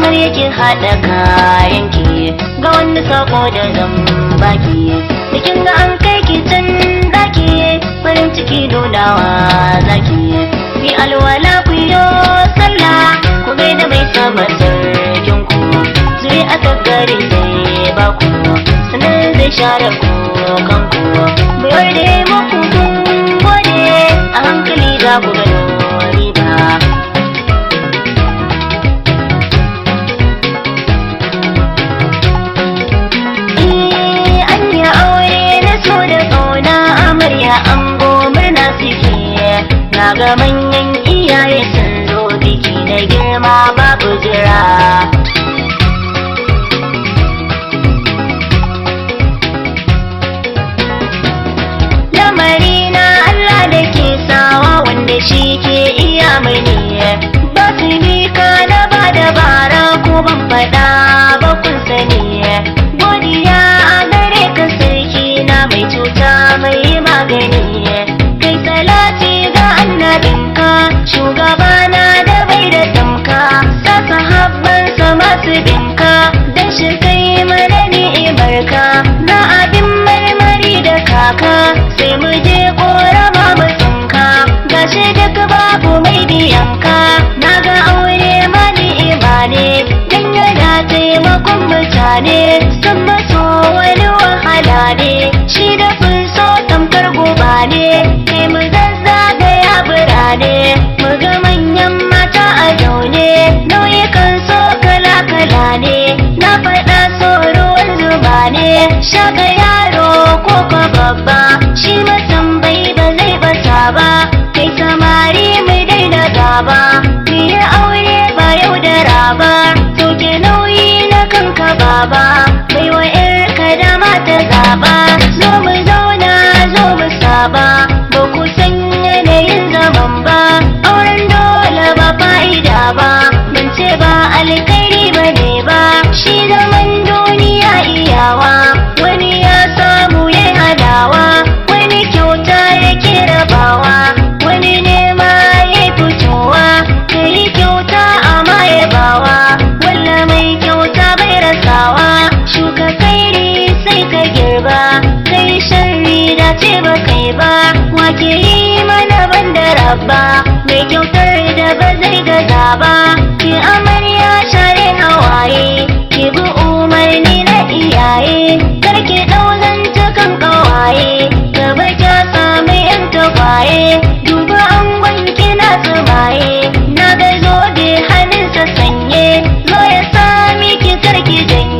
kamar yake haɗa kayan ki ga wanda sako da zan baki bikin da an kai ki can zaki farin ciki nunawa zaki yi alwala ku yo sallah ku da mai sama sarkin ku zuri a taggari zai ba ku sanar zai share ku kanku bayar da muku kun gode a hankali za ku gano da manyan iyaye sun zo biki na girma babu jira kasbinka dan shi kai mana ni'imarka na abin marmari da kaka sai mu je korama mu ga shi duk babu mai biyanka na ga aure ma ni'ima ne dan yana taimakon mutane sun maso wani wahala ne shi da sun so tamkar goba ne mu zazzaga ya birane mu ga manyan mata a zaune nauyi ne na faɗa so ruwan zuba ne shaka yaro ko ka babba shi bai ba zai bata ba kai samari mai daina gaba ya aure ba yau da raba ke nauyi na kanka baba bai wa ka dama ta zaba zo mu zauna zo mu saba ba ku san yanayin zaman ba auren dole ba fa'ida ba mun ce ba alkai ba kai ba wace yi mana ban da rabba mai kyautar da ba zai gaza ba ki amarya share hawaye ki bi umarni na iyaye karki ɗaunan cikin ƙawaye gaba kya sami yan tafaye duba an gwanki na tsubaye na ga zobe hannunsa sanye zo ya sami ki karki janye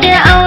ada